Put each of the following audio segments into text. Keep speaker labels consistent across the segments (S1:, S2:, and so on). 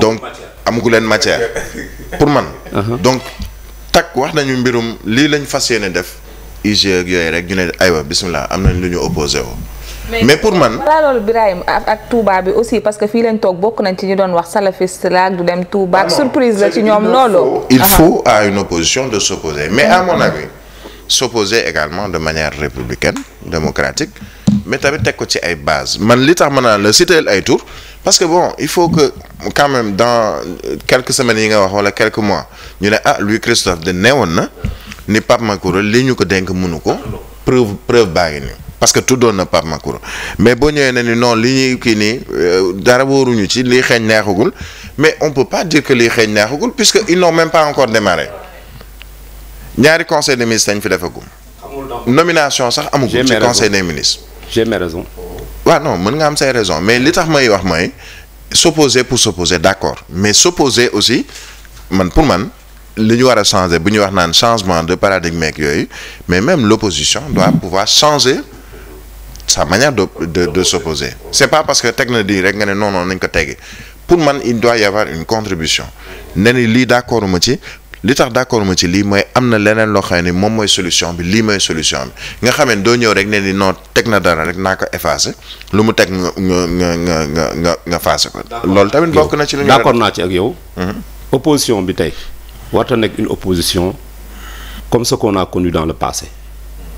S1: donc amagu leen matière pour man uh-huh. donc takk wax nañu mbirum lii lañu fas yéene def IGE ak yooyu rek ñu ne aywa bismillah am nañ lu ñu opposé woo mais pour man balaa loolu Birahim ak Touba bi aussi parce que fii lañ toog bokk nañ ci ñu doon wax salafiste laag du dem Touba ak ah surprise la ci ñoom loolu il faut à une opposition de s'opposer mais à mon s'opposer également de manière républicaine démocratique mais tamit teg ko ci ay base man li tax ma naan la citer ay tour parce que bon il faut que quand même dans quelques semaines yi nga wax wala quelque mois ñu ne ah Louis Christophe de neewoon na ni Pape Macoura li ñu ko denk mënu ko preuve preuve baa ngi nii parce que tuddoon na Pape Macoura mais boo ñëwee ne ni non li ñuy kii nii euh, dara ñu ci lii xeeñ neexagul mais on peut pas dire que lii xeeñ neexagul puisque ils n'ont même pas encore ñaari conseil des ministres dañ fi defagum. nomination sax amagum. ci conseil des ministres. j'ai mes raisons. waaw mën nga am say raisons mais li tax may wax mooy s'opposer pour s'opposer d'accord mais s'opposer aussi man pour man li ñu war a changer bu ñu wax naan changement de paradigme yooyu mais même l'opposition doit pouvoir changer sa manière de de de s'opposer c'est pas parce que teg na rek nga ne non nañ ko teggi pour man il doit y contribution ne ni lii d'accord ma ci. li tax d'accord ma ci lii mooy am na leneen loo xam ne moom mooy solution bi lii mooy solution bi nga xam ne doo ñëw rek ne ni non teg na dara rek naa ko effacer lu mu teg nga nga nga nga nga nga faase ko. loolu tamit bokk na ci li nga. naa ci ak yow. Mhm. opposition bi tey warta nekk une opposition
S2: comme ce qu'on a connu dans le passé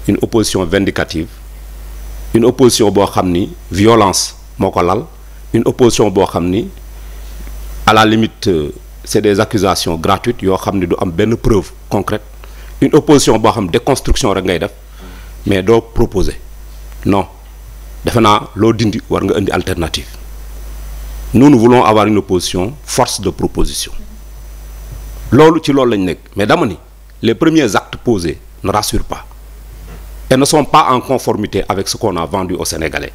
S2: une opposition vindicative une opposition boo xam ni violence moo ko lal une opposition boo xam ni à la limite. Euh, c'est des accusations gratuites yoo xam ne du am benn preuve concrète une opposition boo xam déconstruction rek ngay def mais doo proposer non defe naa loo dindi war nga indi alternative nous nous voulons avoir une opposition force de proposition loolu ci loolu lañ nekk mais dama ni les premiers actes posés ne rassurent pas et ne sont pas en conformité avec ce qu'on a vendu aux Sénégalais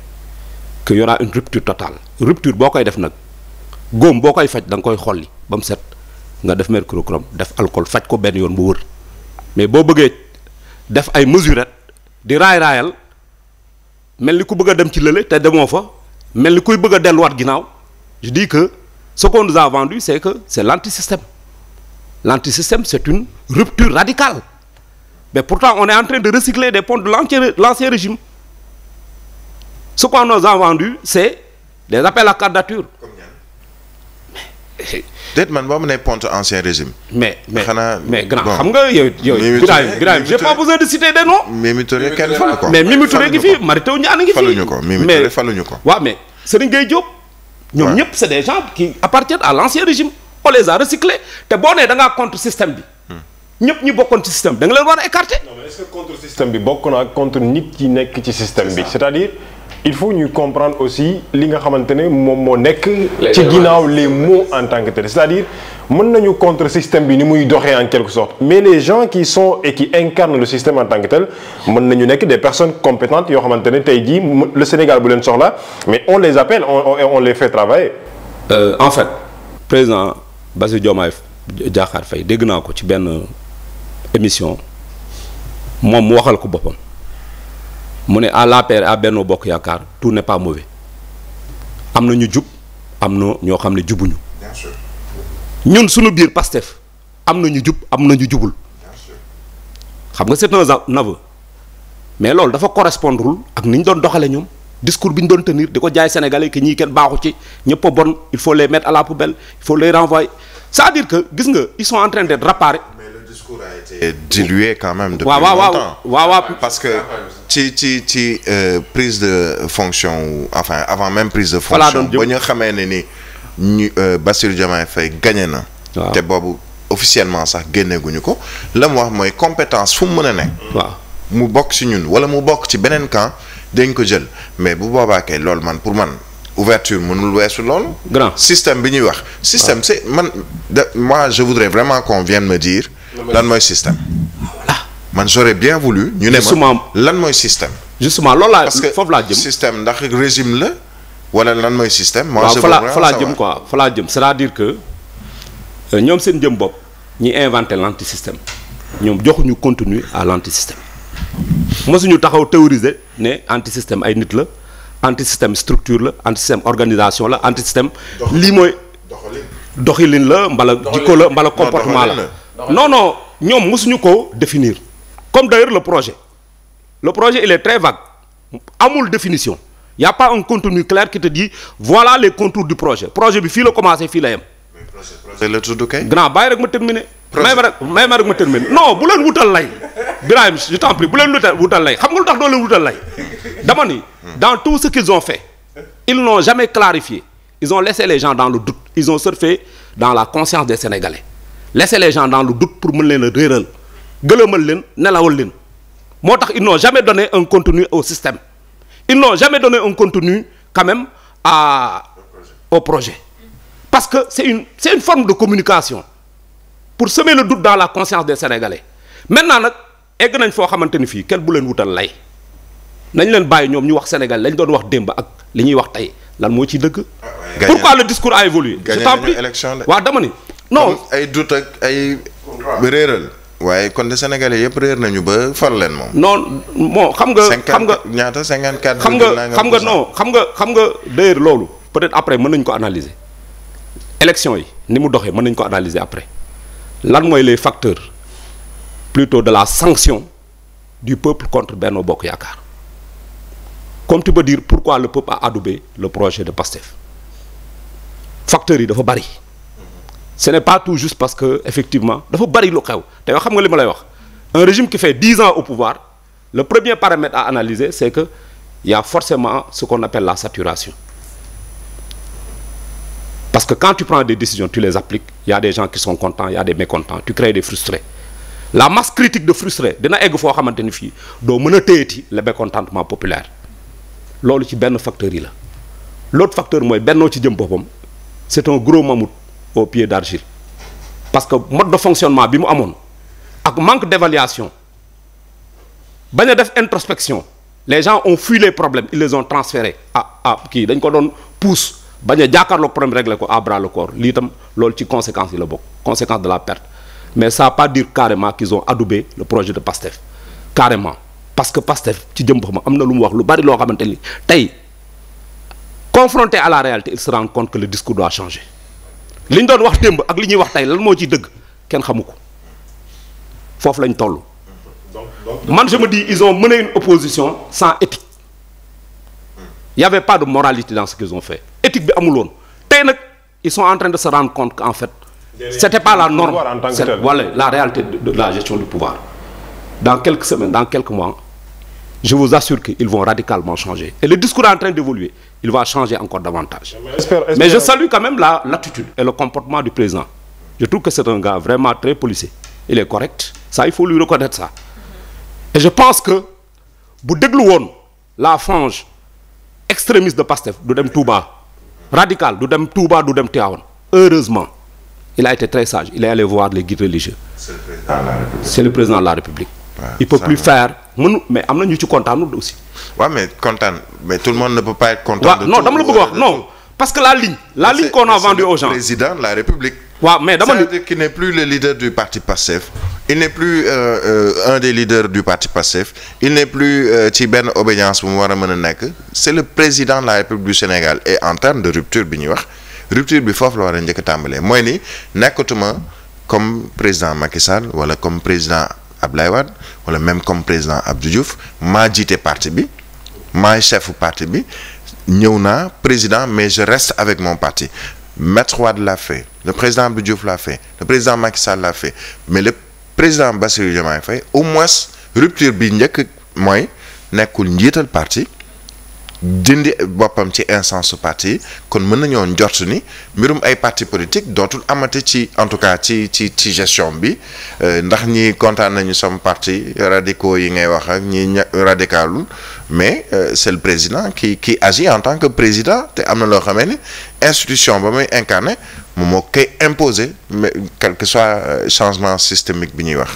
S2: qu'il y aura une rupture totale rupture boo koy def nag góom boo koy faj da nga koy xolli ba mu set nga def mercurochrome def alcool faj ko benn yoon bu wër mais boo bëggee def ay mesurette di raay raayal mel ni ku bëgg dem ci lële te demoo fa mel ni kuy bëgg a delluwaat ginnaaw je di que ce qu'on nous a vendu c'est que c'est l'antisystème l'antisystème c'est une rupture radicale mais pourtant on est en train de recycler des ponts de l'ancien régime
S1: ce qu'on nous a vendu c'est des appels à candidature déet man boo ma nee ponte ancien régime. mais mais xanaa mais grand xam nga yooyu. yooyu Birahim Birahim j'ai
S2: pas besoin de citer des noms.
S1: Mimi Touré kenn euh, falu ko mais Mimi Touré ngi fi Mary Teuw Niane
S2: ngi fi. faluñu ko Mimi ko. waaw mais Serigne Gueye Diop. ñoom ñëpp c'est des gens qui appartiennent à l'ancien régime on les a recyclés te boo nee da contre système bi. ñëpp ñu bokkoon ci système da nga leen war a écarter. contre système bi bokkoon ak contre nit yi nekk ci système bi. c'est-à-dire il faut ñu comprendre aussi li nga xamante ne moom moo nekk. ci ginnaaw les mots en tant que tel c'est-à-dire mën nañu contre système bi ni muy doxee en quelque sorte. mais les gens qui sont et qui incarnent le système en tant que tel mën nañu nekk des personnes compétentes yoo xamante ne tey jii le Sénégal bu leen soxla mais on les appelle on on les fait travailler. Euh, en fait président Bassirou Diomaye Diakhar Faye dégg naa ko ci benn. émission moom mu waxal ko boppam mu ne à per à Benno Bokk Yaakaar tout ne pas mauvais am na ñu jub am noo ñoo xam ne jubuñu. ñun suñu biir Pastef am na ñu jub am na ñu jubul. xam nga c'est na aveu mais loolu dafa correspondrul ak ni ñu doon doxale ñoom discours bi ñu doon tenir di ko jaay sénégalais que ñii kenn baaxu ci ñëpp a bon il faut les mettre à la poubelle il faut les renvoyer cest dire que gis nga ils sont en train
S1: discours a été dilué quand même depuis longtemps waaw waaw parce que ci ci ci euh, prise de fonction enfin avant même prise de fonction ba ñu xamee ne ni ñu euh, Bassirou Diomaye Faye gagné na te boobu officiellement sax génneeguñu ko la mu wax mooy compétence fu mu mën nekk waaw mu bokk si ñun wala mu bokk ci beneen camp dañ ko jël mais bu boobaa kay loolu man pour man ouverture mënul weesu lool grand système bi ñuy wax. système c'est man de moi je voudrais vraiment qu'on vienne me dire lan mooy système. voilà man j'aurais bien voulu. ñu ne ma lan mooy système. justement loolu laa foofu laa jëm parce que système ndax régime la wala lan mooy système. moi je fa fa laa jëm quoi fa jëm
S2: c'est-à-dire que euh, ñoom seen jëm bopp ñi inventé l'antisystème ñoom joxuñu contenu à l'antisystème mosuñu taxaw théoriser ne antisystème ay nit la antisystème structure la anti antisystème organisation la antisystème lii mooy doxalin la mbala jikko la mbala comportement la non non ñoom mosuñu ko définir comme d'ailleurs le projet le projet il est très vague amul définition il y a pas un contenu clair qui te dit voilà les contours du projet projet bi fii la commencé fii la yem. projet projet la tudd kay. grand bàyyi rek ma non bu leen wutal lay. Birahim je t'en prie bu leen wutal lay xam nga lu tax doo leen wutal lay dama dans tout ce qu'ils ont fait ils n'ont jamais clarifié ils ont laissé les gens dans le doute ils ont surfé dans la conscience laissez les gens dans le doute pour mën leen a réeral gëlëmal leen nelawal leen moo tax ils n'ont jamais donné un contenu au système ils n'ont jamais donné un contenu quand même à au projet parce que c'est une c'est une forme de communication pour semer la doute dans la conscience des Sénégalais maintenant nag egg nañ foo xamante ni fii kenn bu leen wutal lay nañ leen bàyyi ñoom ñu wax Sénégal lañ doon wax démb ak li ñuy wax tey lan moo ciy dëgg. pourquoi le discours a évolué. je t'en prie
S1: waaw dama non ay dut ak ay. réeral. waaye kon de sénégalais yëpp réer nañu ba far leen moom. non moo xam nga. xam nga ñaata cinquante 54. xam nga xam nga non xam nga
S2: xam nga d'ailleurs loolu. peut-être après mën nañu ko analyser. élection yi ni mu doxee mën nañu ko analyser après lan mooy les facteurs plutôt de la sanction du peuple contre Benno Bokk Yaakaar comme tu peux dire pourquoi le peuple a adoubé le projet de PASTEF facteurs yi dafa bari. ce n'est pas tout juste parce que effectivement dafa bari lu xew te xam nga li ma lay wax un régime qui fait dix ans au pouvoir le premier paramètre à analyser c'est que il y a forcément ce qu'on appelle la saturation parce que quand tu prends des décisions tu les appliques il y a des gens qui sont contents il a des mécontents tu crées des frustrés la masse critique de frustrés dina egg foo xamante ni fii doo mën a téyati le mécontentement populaire loolu ci benn facteur yi la l'autre facteur mooy bennoo ci jëm boppam c'est un gros au pied d'argile parce que mode de fonctionnement bi mu amoon ak manque d'évaluation bañ a def introspection les gens ont fui les problèmes ils les ont transférés à à kii dañ ko doon pousse bañ a jàkkaarloog problème régler ko à bras le corps lii tam loolu ci conséquence yi la bokk conséquence de la perte mais ça pas dire carrément qu'ils ont adoubé le projet de PASTEF carrément parce que PASTEF ci jëm boppam am na lu mu wax lu bari loo xamante ni tey confronté à la réalité il se rend compte li ñu doon wax démb ak li ñuy wax tey lan moo ci dëgg kenn xamu ko foofu lañ toll. man je me dis ils ont mené une opposition sans éthique il y avait pas de moralité dans ce qu'ils ont fait éthique bi amul woon tey nag ils sont en train de se rendre compte qu'en fait. c'était pas la norme c'est voilà la réalité de la gestion du pouvoir dans quelques semaines dans quelques mois. je vous assure qu'ils vont radicalement changer. Et le discours est en train d'évoluer. Il va changer encore davantage. Mais, espère, je salue quand même l'attitude et le comportement du président. Je trouve que c'est un gars vraiment très policé. Il est correct. Ça, il faut lui reconnaître ça. Et je pense que bu déglu woon la frange extrémiste de Pastef du dem Touba radical du dem Touba du dem Tivaouane heureusement il a été très sage il les guides religieux le président de
S1: la République il peut plus faire mënu mais am na ñu ci kontaanul aussi. waaw mais kontaan mais tout le monde ne peut pas être content. de non dama la bëgg wax non parce que la ligne. la a vendue aux gens président de la république. waaw mais dama ni qui n'est plus le leader du parti Pastef il n'est plus euh, euh, un des leaders du parti Pastef il n'est plus euh, ci benn obédience bu mu war a mën a nekk c'est le président de la république du Sénégal et en termes de rupture bi ñuy wax rupture bi foofu la war a njëkk tàmbalee mooy ni nekkatuma comme président Macky Sall wala comme président. Ablaye Wade wala même comme président Abdou Diouf maa parti bi maay parti bi ñëw na président mais je reste avec mon parti Maître Wade l'a fait le président Abdou Diouf l'a fait le président Macky Sall l'a fait mais le président Bassirou Diomaye Faye au moins rupture bi njëkk mooy nekkul njiital parti dindi boppam ci instance su parti kon mën nañoo njort ni mbirum ay parti politique dootul amate ci en tout cas ci ci ci gestion bi euh, ndax ñi kontaan nañu sama parti radicaux yi ngay wax ak ñi radicalul mais euh, c'est le président qui qui agit en tant que président te am na loo xamee ni institution ba muy incarné moom moo koy imposer mais quel que soit euh, changement systémique bi ñuy wax